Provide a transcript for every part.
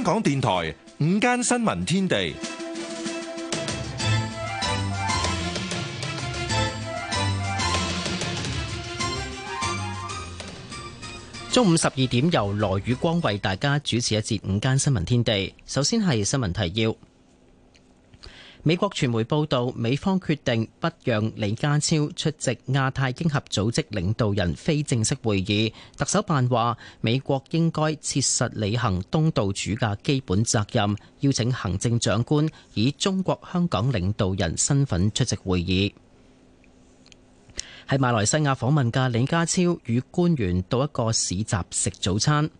香港電台午間新聞天地，中午十二點由羅宇光為大家主持一節午間新聞天地。首先係新聞提要。美國傳媒報道，美方決定不讓李家超出席亞太經合組織領導人非正式會議。特首辦話，美國應該切實履行東道主嘅基本責任，邀請行政長官以中國香港領導人身份出席會議。喺馬來西亞訪問嘅李家超與官員到一個市集食早餐。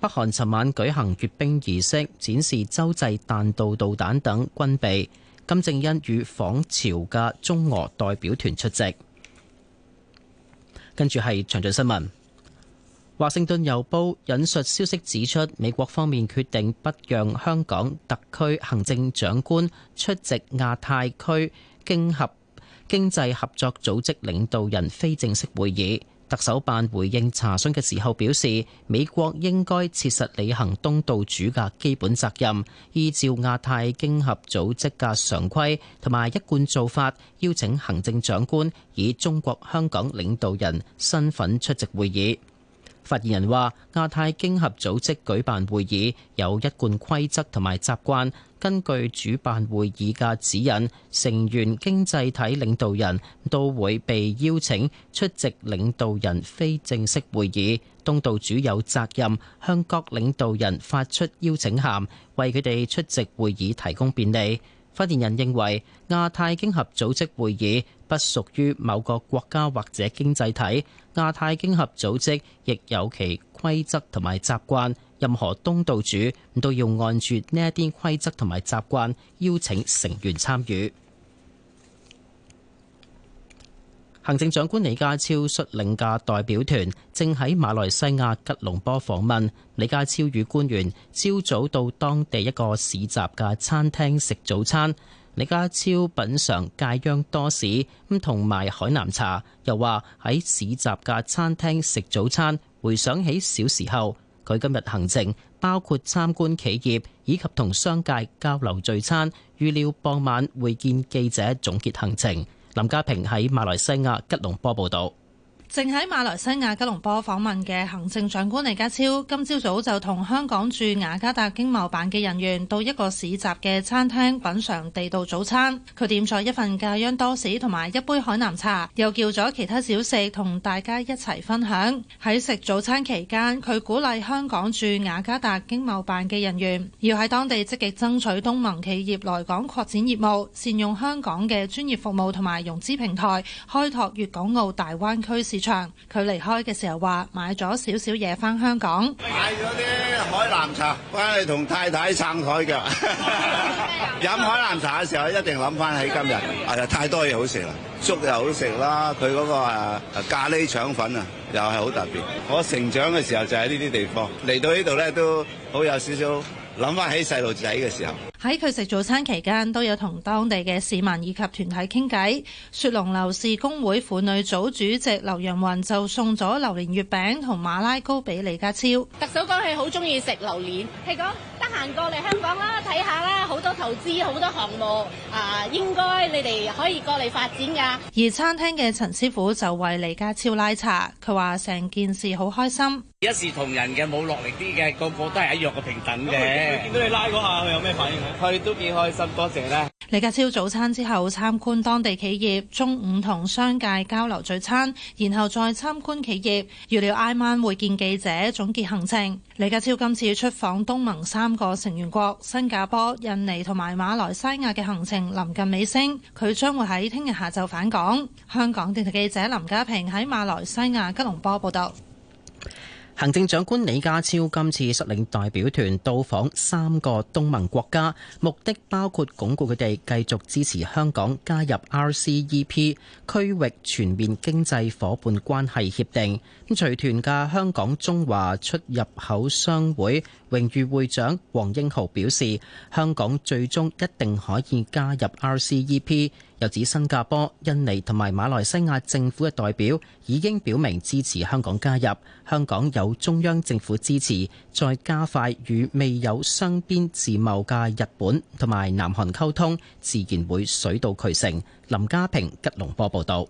北韓尋晚舉行閱兵儀式，展示洲際彈道導彈等軍備。金正恩與訪朝嘅中俄代表團出席。跟住係詳盡新聞。《華盛頓郵報》引述消息指出，美國方面決定不讓香港特區行政長官出席亞太區經合經濟合作組織領導人非正式會議。特首辦回應查詢嘅時候表示，美國應該切實履行東道主嘅基本責任，依照亞太經合組織嘅常規同埋一貫做法，邀請行政長官以中國香港領導人身份出席會議。發言人話，亞太經合組織舉辦會議有一貫規則同埋習慣。根據主辦會議嘅指引，成員經濟體領導人都會被邀請出席領導人非正式會議。東道主有責任向各領導人發出邀請函，為佢哋出席會議提供便利。發言人認為，亞太經合組織會議不屬於某個國家或者經濟體，亞太經合組織亦有其規則同埋習慣。任何東道主都要按住呢一啲規則同埋習慣邀請成員參與。行政長官李家超率領嘅代表團正喺馬來西亞吉隆坡訪問。李家超與官員朝早到當地一個市集嘅餐廳食早餐。李家超品嘗咖央多士咁同埋海南茶，又話喺市集嘅餐廳食早餐，回想起小時候。佢今日行程包括參觀企業以及同商界交流聚餐，預料傍晚會見記者總結行程。林家平喺馬來西亞吉隆坡報導。正喺馬來西亞吉隆坡訪問嘅行政長官李家超，今朝早就同香港駐雅加達經貿辦嘅人員到一個市集嘅餐廳品嘗地道早餐。佢點咗一份咖央多士同埋一杯海南茶，又叫咗其他小食同大家一齊分享。喺食早餐期間，佢鼓勵香港駐雅加達經貿辦嘅人員要喺當地積極爭取東盟企業來港擴展業務，善用香港嘅專業服務同埋融資平台，開拓粵港澳大灣區市場。佢離開嘅時候話買咗少少嘢翻香港，買咗啲海南茶翻去同太太撐台腳。飲海南茶嘅時候一定諗翻起今日。係啊，太多嘢好食啦，粥又好食啦，佢嗰個誒咖喱腸粉啊又係好特別。我成長嘅時候就喺呢啲地方，嚟到呢度咧都好有少少諗翻起細路仔嘅時候。喺佢食早餐期間都有同當地嘅市民以及團體傾偈。雪隆樓市工會婦女組主席劉揚雲就送咗榴蓮月餅同馬拉糕俾李家超。特首講係好中意食榴蓮，係講得閒過嚟香港啦，睇下啦，好多投資好多項目啊，應該你哋可以過嚟發展㗎。而餐廳嘅陳師傅就為李家超拉茶，佢話成件事好開心，一視同仁嘅，冇落力啲嘅，個個都係一樣嘅平等嘅。見到你拉嗰下，佢有咩反應？佢都幾開心，多謝啦。李家超早餐之後參觀當地企業，中午同商界交流聚餐，然後再參觀企業。預料挨晚會見記者總結行程。李家超今次出訪東盟三個成員國新加坡、印尼同埋馬來西亞嘅行程臨近尾聲，佢將會喺聽日下晝返港。香港電台記者林家平喺馬來西亞吉隆坡報導。行政長官李家超今次率領代表團到訪三個東盟國家，目的包括鞏固佢哋繼續支持香港加入 RCEP 區域全面經濟夥伴關係協定。咁隨團嘅香港中華出入口商會榮譽會長黃英豪表示，香港最終一定可以加入 RCEP。又指新加坡、印尼同埋馬來西亞政府嘅代表已經表明支持香港加入，香港有中央政府支持，再加快與未有雙邊自貿嘅日本同埋南韓溝通，自然會水到渠成。林家平、吉隆坡報道。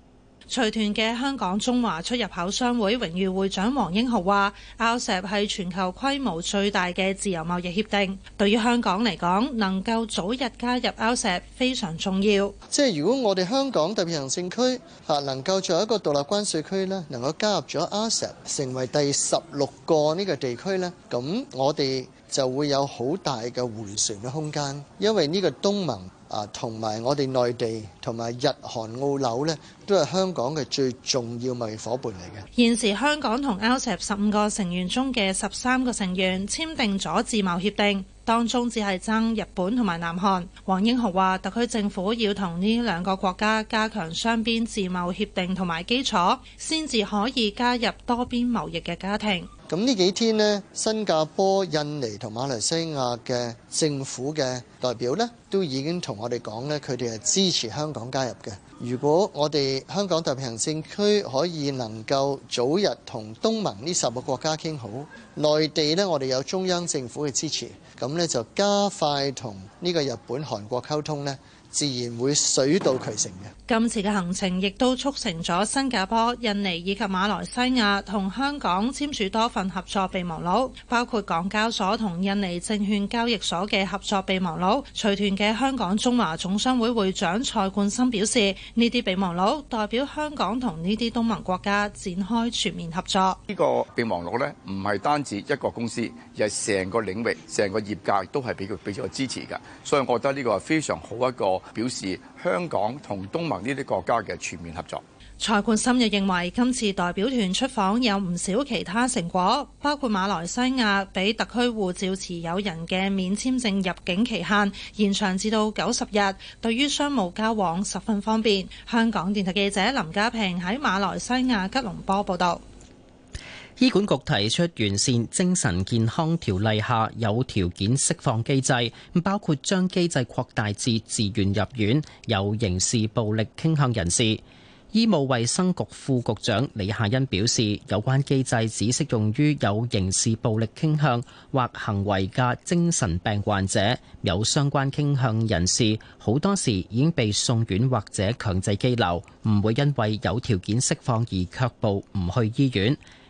隨團嘅香港中華出入口商會榮譽會長王英豪話 RCEP 係全球規模最大嘅自由貿易協定，對於香港嚟講，能夠早日加入 RCEP 非常重要。即係如果我哋香港特別行政區吓能夠做一個獨立關稅區咧，能夠加入咗 RCEP 成為第十六個呢個地區咧，咁我哋就會有好大嘅回旋嘅空間，因為呢個東盟。啊，同埋我哋內地同埋日韓澳紐咧，都係香港嘅最重要貿易夥伴嚟嘅。現時香港同 L C E 十五個成員中嘅十三個成員簽訂咗貿易協定，當中只係爭日本同埋南韓。黃英豪話：特區政府要同呢兩個國家加強雙邊自貿易協定同埋基礎，先至可以加入多邊貿易嘅家庭。咁呢幾天呢，新加坡、印尼同馬來西亞嘅政府嘅代表呢，都已經同我哋講呢，佢哋係支持香港加入嘅。如果我哋香港特別行政區可以能夠早日同東盟呢十個國家傾好，內地呢，我哋有中央政府嘅支持，咁呢就加快同呢個日本、韓國溝通呢，自然會水到渠成嘅。今次嘅行程亦都促成咗新加坡、印尼以及馬來西亞同香港簽署多份合作備忘錄，包括港交所同印尼證券交易所嘅合作備忘錄，隨團嘅香港中華總商會會長蔡冠森表示，呢啲備忘錄代表香港同呢啲東盟國家展開全面合作。呢個備忘錄咧，唔係單止一個公司，而係成個領域、成個業界都係俾佢俾咗支持嘅，所以我覺得呢個係非常好一個。表示香港同東盟呢啲國家嘅全面合作。蔡冠深又認為今次代表團出訪有唔少其他成果，包括馬來西亞俾特區護照持有人嘅免簽證入境期限延長至到九十日，對於商務交往十分方便。香港電台記者林家平喺馬來西亞吉隆坡報道。醫管局提出完善精神健康條例下有條件釋放機制，咁包括將機制擴大至自願入院有刑事暴力傾向人士。醫務衛生局副局長李夏茵表示，有關機制只適用於有刑事暴力傾向或行為嘅精神病患者，有相關傾向人士好多時已經被送院或者強制羈留，唔會因為有條件釋放而卻步，唔去醫院。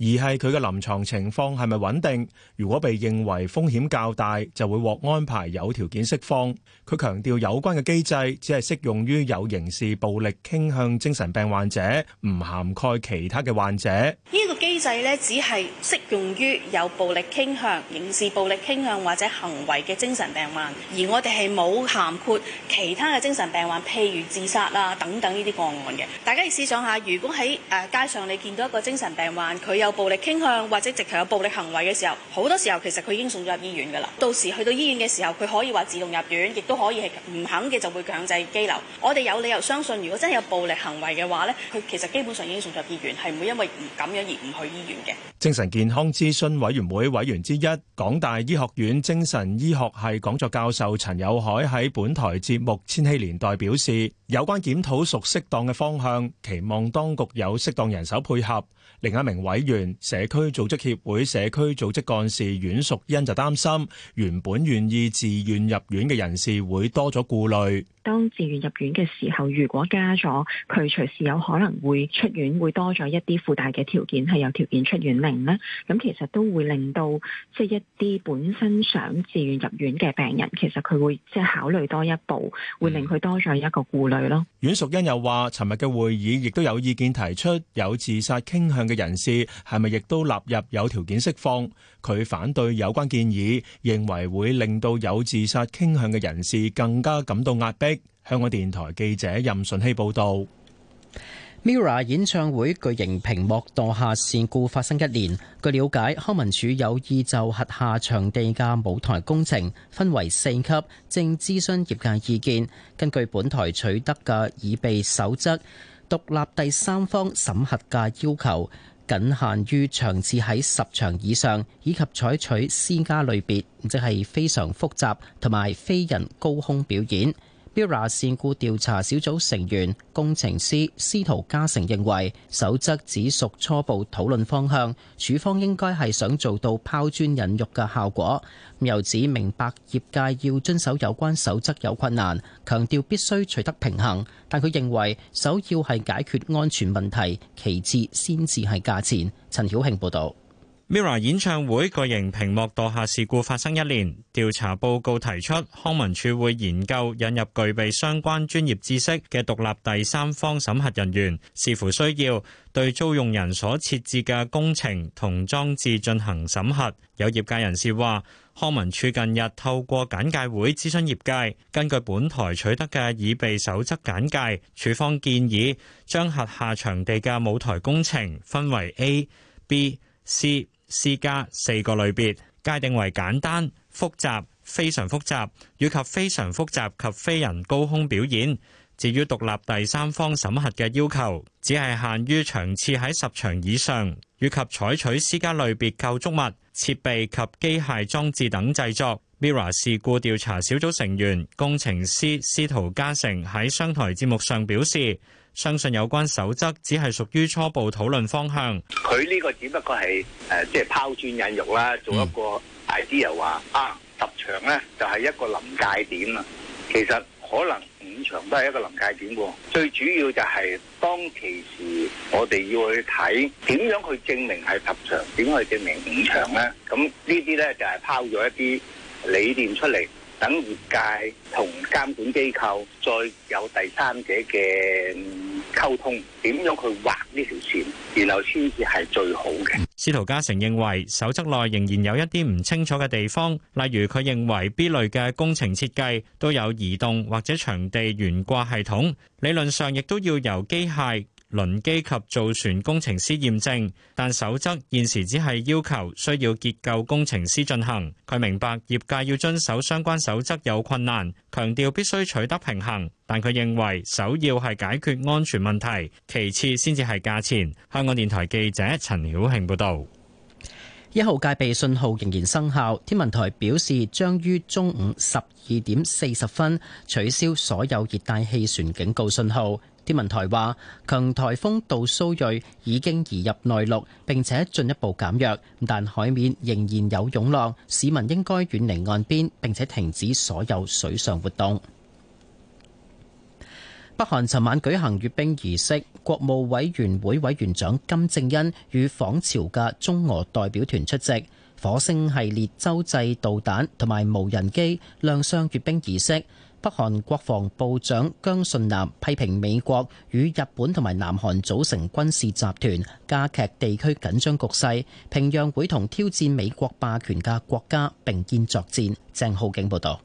而係佢嘅臨床情況係咪穩定？如果被認為風險較大，就會獲安排有條件釋放。佢強調有關嘅機制只係適用於有刑事暴力傾向精神病患者，唔涵蓋其他嘅患者。呢個機制呢，只係適用於有暴力傾向、刑事暴力傾向或者行為嘅精神病患，而我哋係冇涵括其他嘅精神病患，譬如自殺啊等等呢啲個案嘅。大家要試想下，如果喺誒街上你見到一個精神病患，佢有有暴力傾向或者直頭有暴力行為嘅時候，好多時候其實佢已經送咗入醫院噶啦。到時去到醫院嘅時候，佢可以話自動入院，亦都可以係唔肯嘅就會強制羈留。我哋有理由相信，如果真係有暴力行為嘅話咧，佢其實基本上已經送咗入醫院，係唔會因為咁樣而唔去醫院嘅。精神健康諮詢委員會委員之一、港大醫學院精神醫學系講座教授陳友凱喺本台節目《千禧年代》表示，有關檢討屬適當嘅方向，期望當局有適當人手配合。另一名委員社區組織協會社區組織幹事阮淑欣就擔心，原本願意自願入院嘅人士會多咗顧慮。當自願入院嘅時候，如果加咗佢，隨時有可能會出院，會多咗一啲附帶嘅條件，係有條件出院令呢，咁其實都會令到即係一啲本身想自願入院嘅病人，其實佢會即係考慮多一步，會令佢多咗一個顧慮咯。阮淑欣又話，尋日嘅會議亦都有意見提出，有自殺傾向嘅人士係咪亦都納入有條件釋放？佢反對有關建議，認為會令到有自殺傾向嘅人士更加感到壓迫。香港電台記者任順希報道，Mirror 演唱會巨型屏幕墮下事故發生一年。據了解，康文署有意就轄下場地嘅舞台工程分為四級，正諮詢業界意見。根據本台取得嘅已備守則，獨立第三方審核嘅要求僅限於場次喺十場以上，以及採取私家類別，即係非常複雜同埋非人高空表演。Mirror 事故調查小組成員工程師司徒家成認為，守則只屬初步討論方向，處方應該係想做到拋磚引玉嘅效果。又指明白業界要遵守有關守則有困難，強調必須取得平衡。但佢認為首要係解決安全問題，其次先至係價錢。陳曉慶報導。Mirror 演唱會巨型屏幕墮下事故發生一年，調查報告提出康文署會研究引入具備相關專業知識嘅獨立第三方審核人員，視乎需要對租用人所設置嘅工程同裝置進行審核。有業界人士話，康文署近日透過簡介會諮詢業界，根據本台取得嘅已備守則簡介，署方建議將轄下場地嘅舞台工程分為 A、B、C。私家四個類別，界定為簡單、複雜、非常複雜以及非常複雜及飛人高空表演。至於獨立第三方審核嘅要求，只係限於場次喺十場以上，以及採取私家類別構築物設備及機械裝置等製作。MIRROR 事故調查小組成員工程師司徒嘉誠喺商台節目上表示。相信有關守則只係屬於初步討論方向。佢呢個只不過係誒，即係拋磚引玉啦，做一個 idea，又話啊，十場咧就係、是、一個臨界點啦。其實可能五場都係一個臨界點。最主要就係當其時，我哋要去睇點樣去證明係十場，點樣去證明五場咧？咁呢啲咧就係拋咗一啲理念出嚟，等業界同監管機構再有第三者嘅。溝通點樣去畫呢條線，然後先至係最好嘅。司徒嘉誠認為守則內仍然有一啲唔清楚嘅地方，例如佢認為 B 類嘅工程設計都有移動或者場地懸掛系統，理論上亦都要由機械，輪機及造船工程師驗證，但守則現時只係要求需要結構工程師進行。佢明白業界要遵守相關守則有困難，強調必須取得平衡。但佢認為首要係解決安全問題，其次先至係價錢。香港電台記者陳曉慶報道。一號戒備信號仍然生效，天文台表示將於中午十二點四十分取消所有熱帶氣旋警告信號。天文台話，強台風杜蘇芮已經移入內陸，並且進一步減弱，但海面仍然有湧浪，市民應該遠離岸邊，並且停止所有水上活動。北韓尋晚舉行閱兵儀式，國務委員會委員長金正恩與訪朝嘅中俄代表團出席，火星系列洲際導彈同埋無人機亮相閱兵儀式。北韓國防部長姜順南批評美國與日本同埋南韓組成軍事集團，加劇地區緊張局勢。平壤會同挑戰美國霸權嘅國家並肩作戰。鄭浩景報導。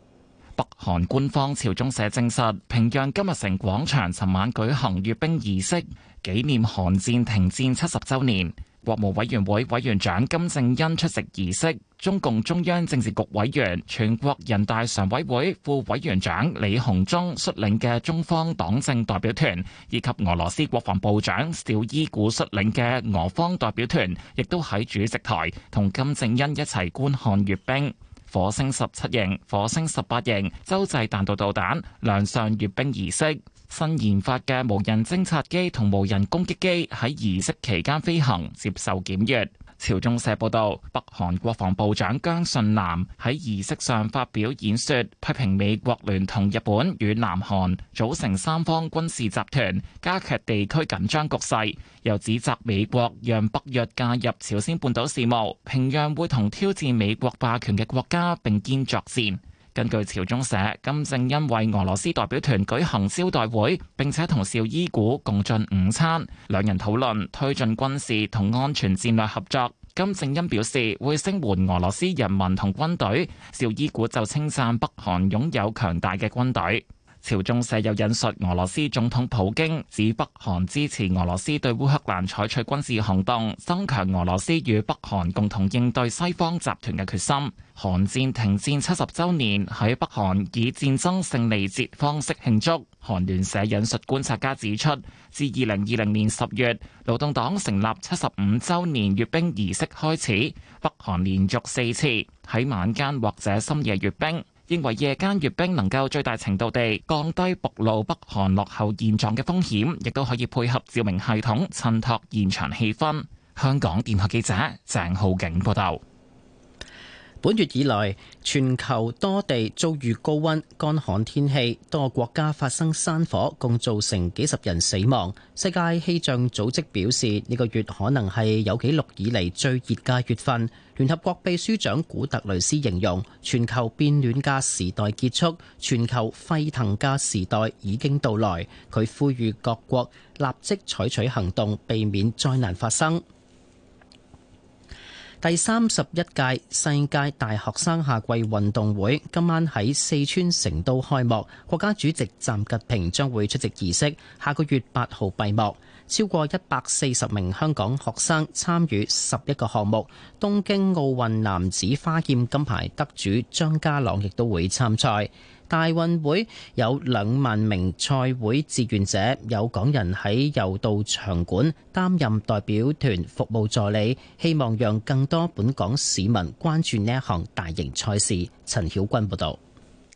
北韓官方朝中社證實，平壤金日成廣場尋晚舉行閱兵儀式，紀念韓戰停戰七十週年。國務委員會委員長金正恩出席儀式，中共中央政治局委員、全國人大常委會副委員長李鴻忠率領嘅中方黨政代表團，以及俄羅斯國防部長紹伊古率領嘅俄方代表團，亦都喺主席台同金正恩一齊觀看閱兵。火星十七型、火星十八型洲際彈道導彈亮相閱兵儀式。新研發嘅無人偵察機同無人攻擊機喺儀式期間飛行，接受檢閱。朝中社報導，北韓國防部長姜信南喺儀式上發表演說，批評美國聯同日本與南韓組成三方軍事集團，加劇地區緊張局勢，又指責美國讓北約介入朝鮮半島事務，平壤會同挑戰美國霸權嘅國家並肩作戰。根據朝中社，金正恩為俄羅斯代表團舉行招待會，並且同邵伊古共進午餐，兩人討論推進軍事同安全戰略合作。金正恩表示會聲援俄羅斯人民同軍隊，邵伊古就稱讚北韓擁有強大嘅軍隊。朝中社有引述俄羅斯總統普京指北韓支持俄羅斯對烏克蘭採取軍事行動，增強俄羅斯與北韓共同應對西方集團嘅決心。韓戰停戰七十周年喺北韓以戰爭勝利節方式慶祝。韓聯社引述觀察家指出，自二零二零年十月勞動黨成立七十五周年閱兵儀式開始，北韓連續四次喺晚間或者深夜閱兵，認為夜間閱兵能夠最大程度地降低暴露北韓落後現狀嘅風險，亦都可以配合照明系統襯托現場氣氛。香港電台記者鄭浩景報道。本月以來，全球多地遭遇高溫、乾旱天氣，多個國家發生山火，共造成幾十人死亡。世界氣象組織表示，呢個月可能係有記錄以嚟最熱嘅月份。聯合國秘書長古特雷斯形容，全球變暖嘅時代結束，全球沸騰嘅時代已經到來。佢呼籲各國，立即採取行動，避免災難發生。第三十一屆世界大學生夏季運動會今晚喺四川成都開幕，國家主席習近平將會出席儀式，下個月八號閉幕。超過一百四十名香港學生參與十一個項目。東京奧運男子花劍金牌得主張家朗亦都會參賽。大運會有兩萬名賽會志願者，有港人喺柔道場館擔任代表團服務助理，希望讓更多本港市民關注呢一項大型賽事。陳曉君報道。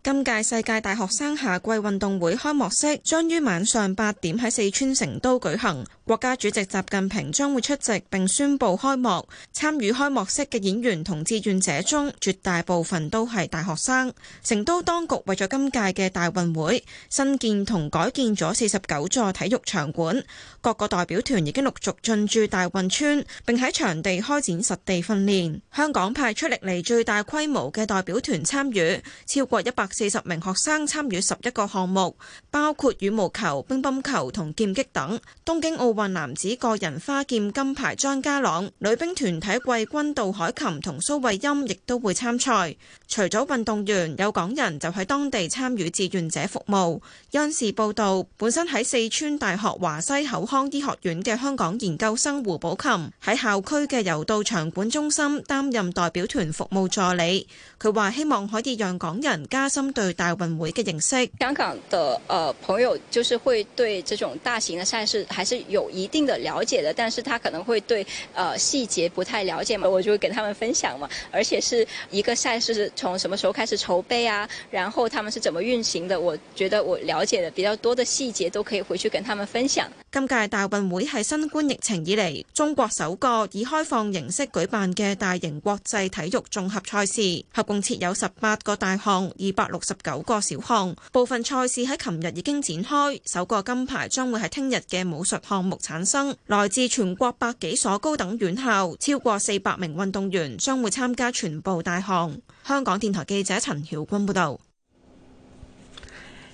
今屆世界大學生夏季運動會開幕式將於晚上八點喺四川成都舉行，國家主席習近平將會出席並宣布開幕。參與開幕式嘅演員同志願者中，絕大部分都係大學生。成都當局為咗今屆嘅大運會，新建同改建咗四十九座體育場館。各個代表團已經陸續進駐大運村，並喺場地開展實地訓練。香港派出歷來最大規模嘅代表團參與，超過一百。四十名學生參與十一個項目，包括羽毛球、乒乓球同劍擊等。東京奧運男子個人花劍金牌張家朗、女兵團體季軍杜海琴同蘇慧音亦都會參賽。除咗運動員，有港人就喺當地參與志願者服務。《央視報道》，本身喺四川大學華西口腔醫學院嘅香港研究生胡寶琴喺校區嘅柔道場館中心擔任代表團服務助理。佢話：希望可以讓港人加深對大運會嘅認識。香港的朋友就是會對這種大型嘅賽事還是有一定的了解的，但是他可能會對呃細節不太了解嘛，我就會跟他們分享嘛，而且是一個賽事。從什麼時候開始籌備啊？然後他們是怎麼運行的？我覺得我了解的比較多的細節都可以回去跟他們分享。今屆大運會係新冠疫情以嚟中國首個以開放形式舉辦嘅大型國際體育綜合賽事，合共設有十八個大項、二百六十九個小項。部分賽事喺琴日已經展開，首個金牌將會係聽日嘅武術項目產生。來自全國百幾所高等院校，超過四百名運動員將會參加全部大項。香港電台記者陳曉君報道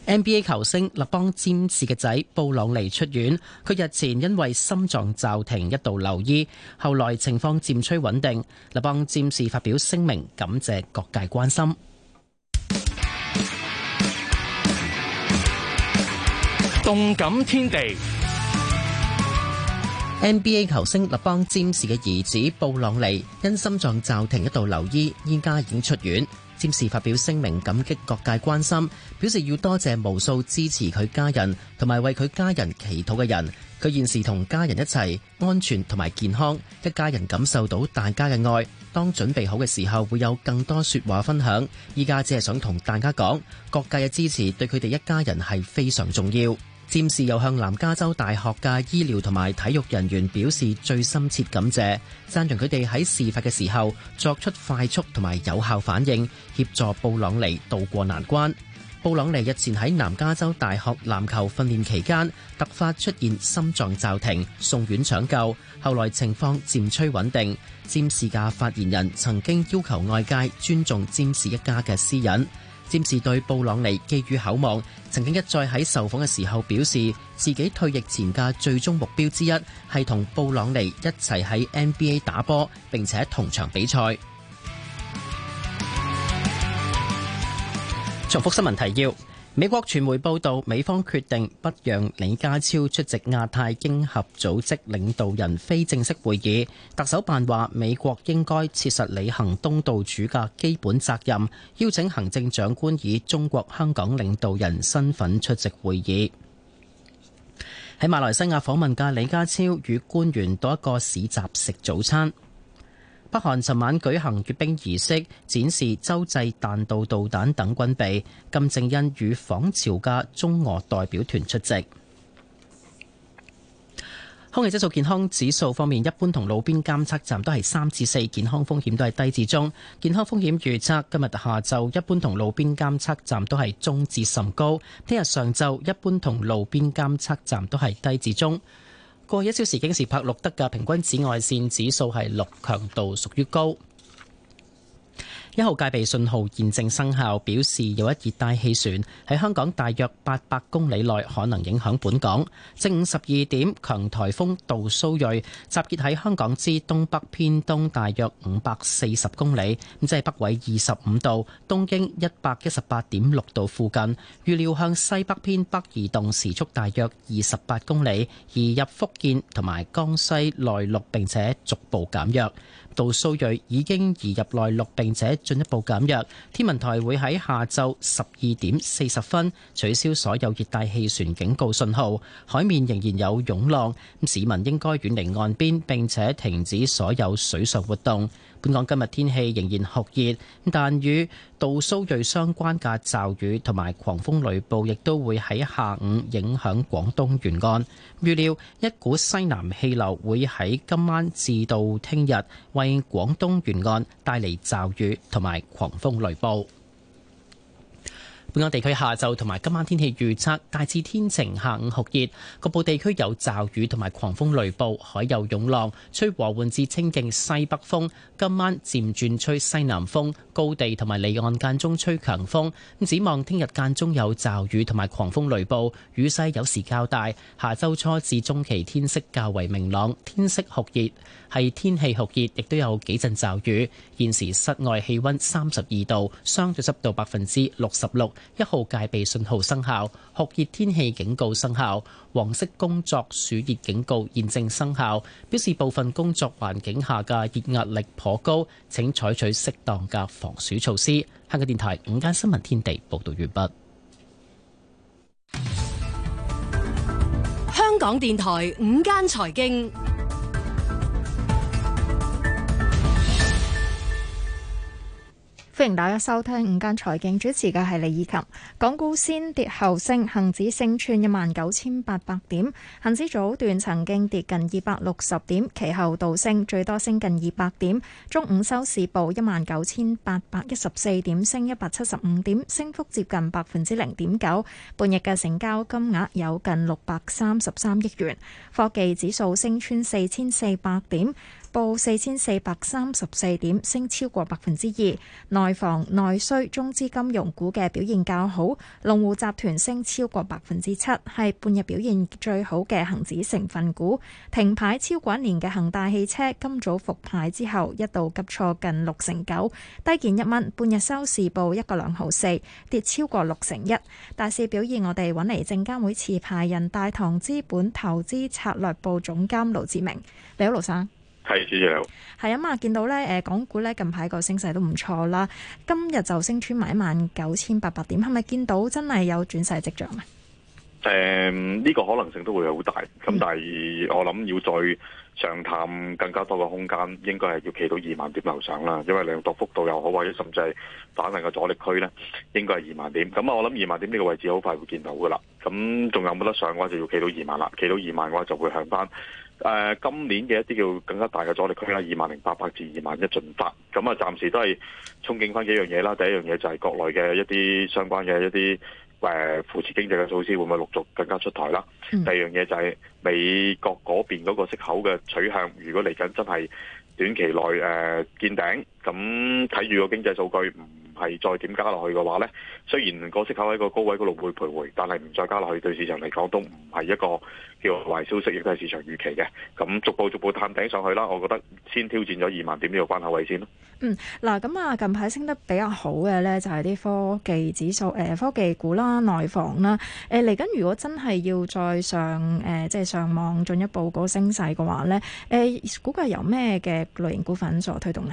，NBA 球星立邦占士嘅仔布朗尼出院。佢日前因為心臟驟停一度留醫，後來情況漸趨穩定。立邦占士發表聲明，感謝各界關心。動感天地。NBA 球星立邦詹士嘅兒子布朗尼因心臟驟停一度留醫，依家已經出院。詹士發表聲明，感激各界關心，表示要多謝無數支持佢家人同埋為佢家人祈禱嘅人。佢現時同家人一齊安全同埋健康，一家人感受到大家嘅愛。當準備好嘅時候，會有更多說話分享，依家只係想同大家講，各界嘅支持對佢哋一家人係非常重要。佔士又向南加州大學嘅醫療同埋體育人員表示最深切感謝，讚揚佢哋喺事發嘅時候作出快速同埋有效反應，協助布朗尼渡過難關。布朗尼日前喺南加州大學籃球訓練期間，突發出現心臟驟停，送院搶救，後來情況漸趨穩定。佔士嘅發言人曾經要求外界尊重佔士一家嘅私隱。詹士對布朗尼寄予厚望，曾經一再喺受訪嘅時候表示，自己退役前嘅最終目標之一係同布朗尼一齊喺 NBA 打波，並且同場比賽。重複新聞提要。美國傳媒報道，美方決定不讓李家超出席亞太經合組織領導人非正式會議。特首辦話，美國應該切實履行東道主嘅基本責任，邀請行政長官以中國香港領導人身份出席會議。喺馬來西亞訪問嘅李家超與官員到一個市集食早餐。北韓尋晚舉行閱兵儀式，展示洲際彈道導彈等軍備。金正恩與訪朝嘅中俄代表團出席。空氣質素健康指數方面，一般同路邊監測站都係三至四，健康風險都係低至中。健康風險預測今日下晝一般同路邊監測站都係中至甚高，聽日上晝一般同路邊監測站都係低至中。過去一小時京士柏錄得嘅平均紫外線指數係六，強度屬於高。一號戒備信號現正生效，表示有一熱帶氣旋喺香港大約八百公里內可能影響本港。正午十二點，強颱風杜蘇芮，集結喺香港之東北偏東大約五百四十公里，咁即係北緯二十五度、東經一百一十八點六度附近，預料向西北偏北移動，時速大約二十八公里，移入福建同埋江西內陸，並且逐步減弱。杜蘇芮已經移入內陸，並且進一步減弱。天文台會喺下晝十二點四十分取消所有熱帶氣旋警告信號。海面仍然有湧浪，市民應該遠離岸邊，並且停止所有水上活動。本港今日天氣仍然酷熱，但與杜蘇芮相關嘅驟雨同埋狂風雷暴亦都會喺下午影響廣東沿岸。預料一股西南氣流會喺今晚至到聽日為廣東沿岸帶嚟驟雨同埋狂風雷暴。本港地區下晝同埋今晚天氣預測，大致天晴，下午酷熱，局部地區有驟雨同埋狂風雷暴，海有湧浪，吹和緩至清勁西北風。今晚漸轉吹西南風，高地同埋離岸間中吹強風。咁展望聽日間中有驟雨同埋狂風雷暴，雨勢有時較大。下周初至中期天色較為明朗，天色酷熱，係天氣酷熱，亦都有幾陣驟雨。現時室外氣温三十二度，相對濕度百分之六十六。一號戒備信號生效，酷熱天氣警告生效，黃色工作暑熱警告現正生效，表示部分工作環境下嘅熱壓力頗高，請採取適當嘅防暑措施。香港電台午間新聞天地報道完畢。香港電台午間財經。歡迎大家收聽午間財經，主持嘅係李以琴。港股先跌後升，恒指升穿一萬九千八百點。恒指早段曾經跌近二百六十點，其後倒升，最多升近二百點。中午收市報一萬九千八百一十四點，升一百七十五點，升幅接近百分之零點九。半日嘅成交金額有近六百三十三億元。科技指數升穿四千四百點報四千四百三十四點，升超過百分之二。內房、內需、中資金融股嘅表現較好，龍湖集團升超過百分之七，係半日表現最好嘅恒指成分股。停牌超過一年嘅恒大汽車今早復牌之後，一度急挫近六成九，低見一蚊，半日收市報一個兩毫四，跌超過六成一。大市表現，我哋搵嚟證監會持牌人大唐資本投資策略部總監盧志明。你好，盧生。係主席你好。係啊嘛，見到咧，誒，港股咧近排個升勢都唔錯啦。今日就升穿埋一萬九千八百點，係咪見到真係有轉勢跡象咧？誒、嗯、呢、這個可能性都會好大，咁但係我諗要再上探更加多嘅空間，應該係要企到二萬點樓上啦。因為量度幅度又好，或者甚至係反彈嘅阻力區咧，應該係二萬點。咁啊，我諗二萬點呢個位置好快會見到噶啦。咁仲有冇得上嘅話，就要企到二萬啦。企到二萬嘅話，就會向翻。誒、呃、今年嘅一啲叫更加大嘅阻力區啦，二萬零八百至二萬一進發，咁啊暫時都係憧憬翻幾樣嘢啦。第一樣嘢就係國內嘅一啲相關嘅一啲誒、呃、扶持經濟嘅措施會唔會陸續更加出台啦？第二樣嘢就係美國嗰邊嗰個息口嘅取向，如果嚟緊真係短期內誒、呃、見頂，咁睇住個經濟數據唔係再點加落去嘅話咧，雖然個息口喺個高位嗰度會徘徊，但係唔再加落去對市場嚟講都唔係一個叫做壞消息，亦都係市場預期嘅。咁逐步逐步探頂上去啦，我覺得先挑戰咗二萬點呢個關口位先咯。嗯，嗱咁啊，近排升得比較好嘅咧，就係啲科技指數、誒、呃、科技股啦、內房啦。誒嚟緊如果真係要再上誒，即、呃、係、就是、上網進一步個升勢嘅話咧，誒、呃、估計由咩嘅類型股份所推動呢？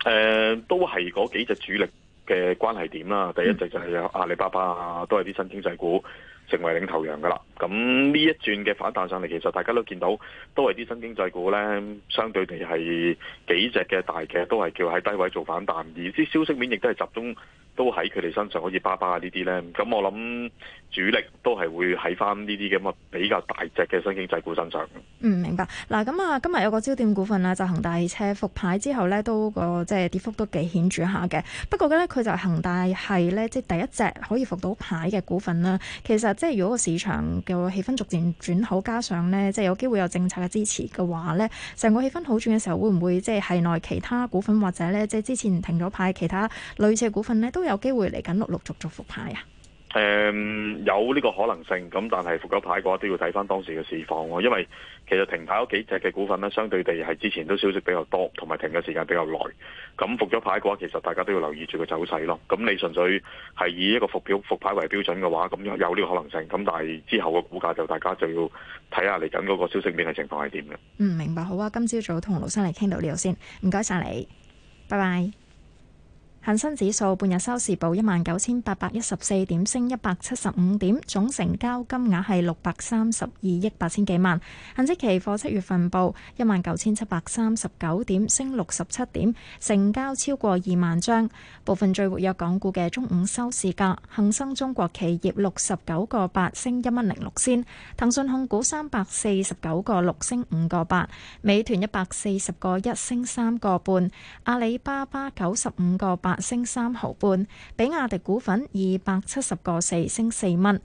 誒、呃，都係嗰幾隻主力。嘅關係點啦，第一隻就係有阿里巴巴啊，都係啲新經濟股成為領頭羊噶啦。咁呢一轉嘅反彈上嚟，其實大家都見到都係啲新經濟股呢，相對地係幾隻嘅大劇都係叫喺低位做反彈，而啲消息面亦都係集中都喺佢哋身上，好似巴巴呢啲呢，咁我諗主力都係會喺翻呢啲咁啊比較大隻嘅新經濟股身上。嗯，明白。嗱，咁啊，今日有個焦點股份啦，就恒大汽車復牌之後呢，都個即係跌幅都幾顯著下嘅。不過呢，佢就恒大係呢，即係第一隻可以復到牌嘅股份啦。其實即係如果個市場嘅氣氛逐漸轉好，加上呢，即係有機會有政策嘅支持嘅話呢，成個氣氛好轉嘅時候，會唔會即係係內其他股份或者呢，即係之前停咗牌其他類似嘅股份呢？都？有機會嚟緊陸陸續續復牌啊！誒、嗯，有呢個可能性，咁但係復咗牌嘅話，都要睇翻當時嘅市況咯。因為其實停牌嗰幾隻嘅股份呢，相對地係之前都消息比較多，同埋停嘅時間比較耐。咁復咗牌嘅話，其實大家都要留意住個走勢咯。咁你純粹係以一個復票復牌為標準嘅話，咁有呢個可能性。咁但係之後嘅股價就大家就要睇下嚟緊嗰個消息面嘅情況係點嘅。嗯，明白好啊。今朝早同盧生嚟傾到呢度先，唔該晒你，拜拜。恒生指數半日收市報一萬九千八百一十四點，升一百七十五點，總成交金額係六百三十二億八千幾萬。恒指期貨七月份報一萬九千七百三十九點，升六十七點，成交超過二萬張。部分最活躍港股嘅中午收市價：恒生中國企業六十九個八升一蚊零六仙，騰訊控股三百四十九個六升五個八，美團一百四十個一升三個半，阿里巴巴九十五個八。升三毫半，比亞迪股份二百七十個四升四蚊，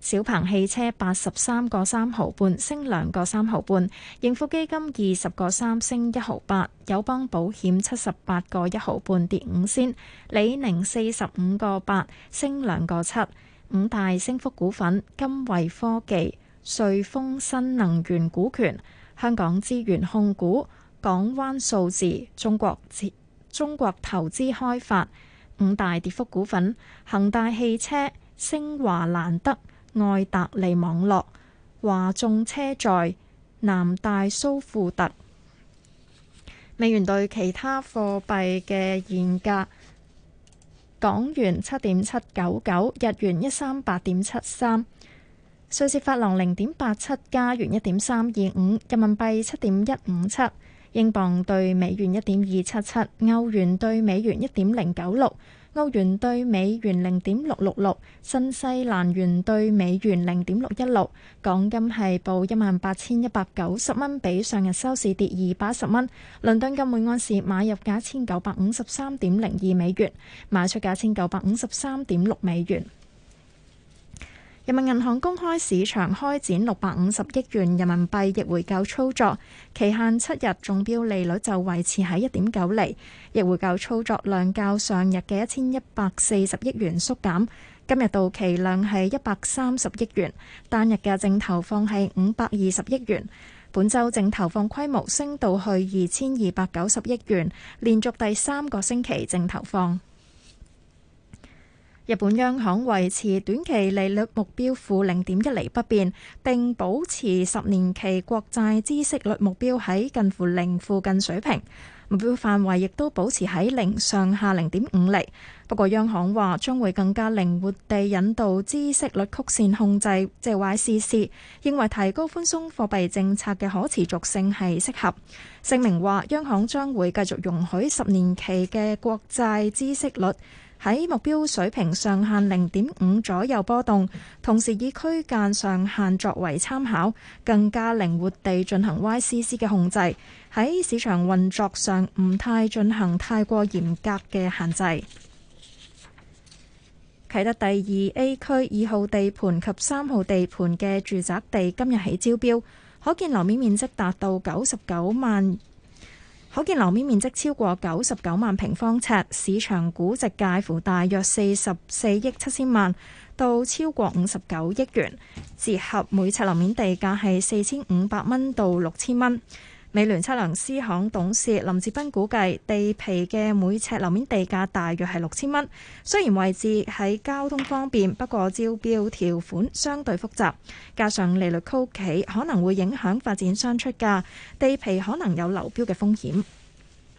小鵬汽車八十三個三毫半升兩個三毫半，盈富基金二十個三升一毫八，友邦保險七十八個一毫半跌五仙，李寧四十五個八升兩個七，五大升幅股份：金惠科技、瑞豐新能源股權、香港資源控股、港灣數字、中國中國投資開發五大跌幅股份：恆大汽車、星華蘭德、愛達利網絡、華眾車載、南大蘇富特。美元兌其他貨幣嘅現價：港元七點七九九，日元一三八點七三，瑞士法郎零點八七，加元一點三二五，人民幣七點一五七。英鎊兌美元一點二七七，歐元兌美元一點零九六，歐元兌美元零點六六六，新西蘭元兌美元零點六一六。港金係報一萬八千一百九十蚊，比上日收市跌二百十蚊。倫敦金每盎司買入價一千九百五十三點零二美元，賣出價一千九百五十三點六美元。人民銀行公開市場開展六百五十億元人民幣逆回購操作，期限七日，中標利率就維持喺一點九厘。逆回購操作量較上日嘅一千一百四十億元縮減，今日到期量係一百三十億元，單日嘅淨投放係五百二十億元。本周淨投放規模升到去二千二百九十億元，連續第三個星期淨投放。日本央行維持短期利率目標負零點一厘不變，並保持十年期國債孳息率目標喺近乎零附近水平，目標範圍亦都保持喺零上下零點五厘。不過央行話將會更加靈活地引導孳息率曲線控制，借壞事事認為提高寬鬆貨幣政策嘅可持續性係適合。聲明話央行將會繼續容許十年期嘅國債孳息率。喺目標水平上限零點五左右波動，同時以區間上限作為參考，更加靈活地進行 YCC 嘅控制。喺市場運作上，唔太進行太過嚴格嘅限制。啟德第二 A 區二號地盤及三號地盤嘅住宅地今日起招標，可建樓面面積達到九十九萬。可見樓面面積超過九十九萬平方尺，市場估值介乎大約四十四億七千萬到超過五十九億元，折合每尺樓面地價係四千五百蚊到六千蚊。美聯測量師行董事林志斌估計，地皮嘅每尺樓面地價大約係六千蚊。雖然位置喺交通方便，不過招標條款相對複雜，加上利率高企，可能會影響發展商出價，地皮可能有流標嘅風險。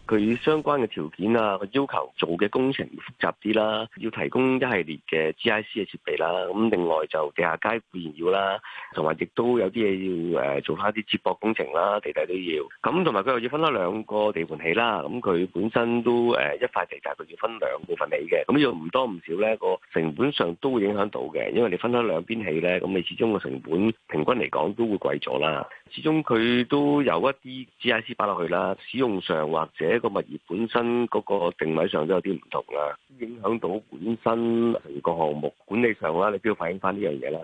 佢相關嘅條件啊，要求做嘅工程要複雜啲啦，要提供一系列嘅 GIC 嘅設備啦。咁另外就地下街固然要啦，同埋亦都有啲嘢要誒做翻一啲接駁工程啦，地底都要。咁同埋佢又要分開兩個地盤起啦。咁佢本身都誒一塊地就佢要分兩部分起嘅。咁要唔多唔少咧，個成本上都會影響到嘅。因為你分開兩邊起咧，咁你始終個成本平均嚟講都會貴咗啦。始終佢都有一啲 GIC 擺落去啦，使用上或者。個物業本身嗰個定位上都有啲唔同啦，影響到本身成個項目管理上啦，你都要反映翻呢樣嘢啦。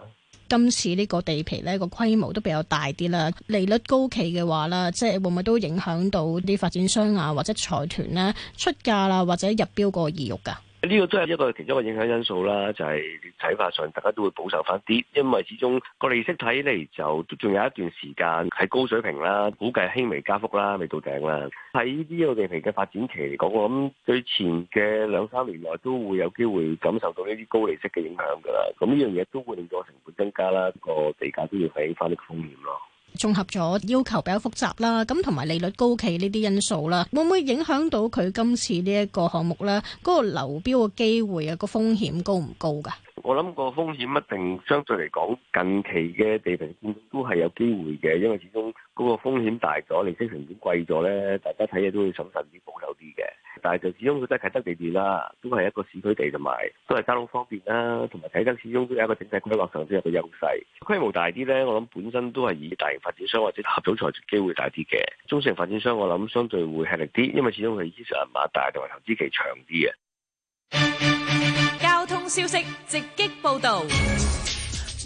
今次呢個地皮咧，個規模都比較大啲啦，利率高企嘅話啦，即係會唔會都影響到啲發展商啊或者財團咧出價啦，或者入標個意欲噶？呢個都係一個其中一個影響因素啦，就係睇法上，大家都會保守翻啲，因為始終個利息睇嚟就都仲有一段時間喺高水平啦，估計輕微加幅啦，未到頂啦。喺呢個地皮嘅發展期嚟講，我諗最前嘅兩三年內都會有機會感受到呢啲高利息嘅影響㗎啦。咁呢樣嘢都會令到成本增加啦，個地價都要反映翻呢個風險咯。綜合咗要求比較複雜啦，咁同埋利率高企呢啲因素啦，會唔會影響到佢今次呢一個項目咧？嗰個流標嘅機會啊，個風險高唔高㗎？我諗個風險一定相對嚟講，近期嘅地平線都係有機會嘅，因為始終嗰個風險大咗，利息成本貴咗呢，大家睇嘢都會審慎啲、保守啲嘅。但係就始終佢都喺啟德地盤啦，都係一個市區地同埋，都係交通方便啦，同埋啟德始終都有一個整體規劃上都有個優勢。規模大啲呢，我諗本身都係以大型發展商或者合組財機會大啲嘅。中小型發展商我諗相對會吃力啲，因為始終佢資產額大同埋投資期長啲嘅。消息直擊報道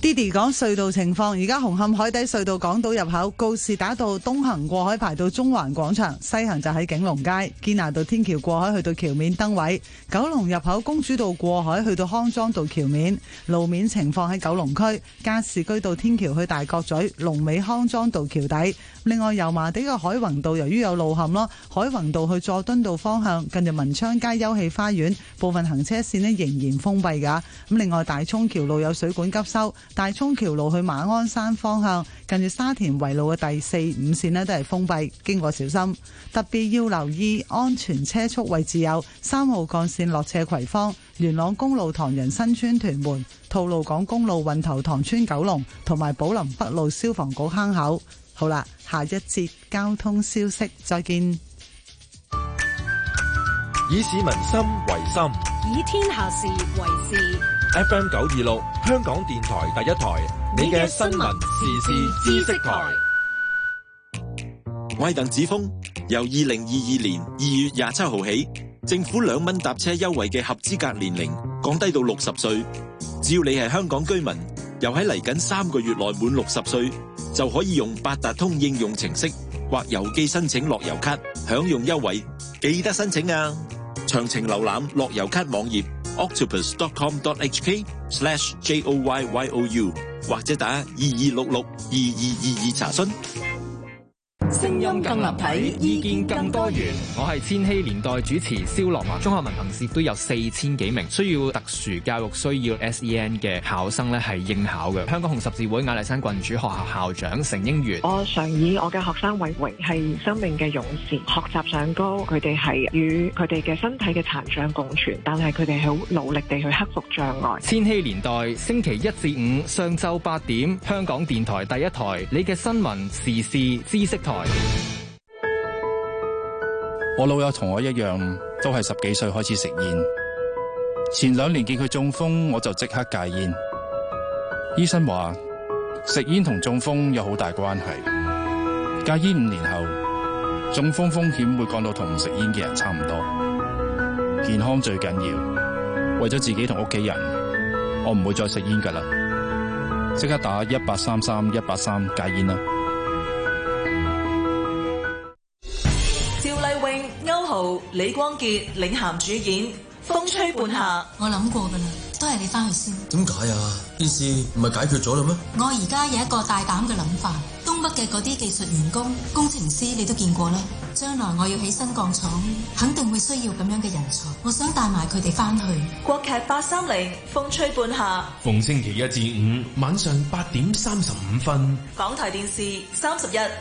，Diddy 講隧道情況，而家紅磡海底隧道港島入口告士打道東行過海排到中環廣場，西行就喺景隆街堅拿道天橋過海去到橋面燈位；九龍入口公主道過海去到康莊道橋面，路面情況喺九龍區加士居道天橋去大角咀龍尾康莊道橋底。另外，油麻地嘅海泓道，由於有路陷咯，海泓道去佐敦道方向，近住文昌街休憩花園部分行車線咧仍然封閉噶。咁，另外大涌橋路有水管急收，大涌橋路去馬鞍山方向，近住沙田圍路嘅第四五線咧都係封閉，經過小心。特別要留意安全車速位置，有三號幹線落斜葵芳、元朗公路唐人新村屯門、吐露港公路運頭塘村九龍同埋寶林北路消防局坑口。好啦。下一節交通消息，再見。以市民心為心，以天下事為事。F. M. 九二六，香港電台第一台，你嘅新聞時事試知識台。我係鄧子峰。由二零二二年二月廿七號起，政府兩蚊搭車優惠嘅合資格年齡降低到六十歲。只要你係香港居民，又喺嚟緊三個月內滿六十歲。就可以用八達通應用程式或郵寄申請樂悠咭，享用優惠。記得申請啊！詳情瀏覽樂悠咭網頁 octopus.com.hk/slashjoyyou，或者打二二六六二二二二查詢。聲音更立體，意見更多元。我係千禧年代主持蕭樂華。中學文憑試都有四千幾名需要特殊教育需要 SEN 嘅考生呢係應考嘅。香港紅十字會雅麗珊郡主學校校,校長成英元，我常以我嘅學生為榮，係生命嘅勇士。學習上高，佢哋係與佢哋嘅身體嘅殘障共存，但係佢哋係好努力地去克服障礙。千禧年代星期一至五上晝八點，香港電台第一台你嘅新聞時事知識台。我老友同我一樣，都係十幾歲開始食煙。前兩年見佢中風，我就即刻戒煙。醫生話食煙同中風有好大關係。戒煙五年後，中風風險會降到同唔食煙嘅人差唔多。健康最緊要，為咗自己同屋企人，我唔會再食煙噶啦。即刻打一八三三一八三戒煙啦。李光潔領銜主演《風吹半夏》我，我諗過噶啦，都係你翻去先。點解啊？件事唔係解決咗啦咩？我而家有一個大膽嘅諗法，東北嘅嗰啲技術員工、工程師，你都見過啦。將來我要起新鋼廠，肯定會需要咁樣嘅人才。我想帶埋佢哋翻去。國劇八三零《風吹半夏》，逢星期一至五晚上八點三十五分，港台電視三十一。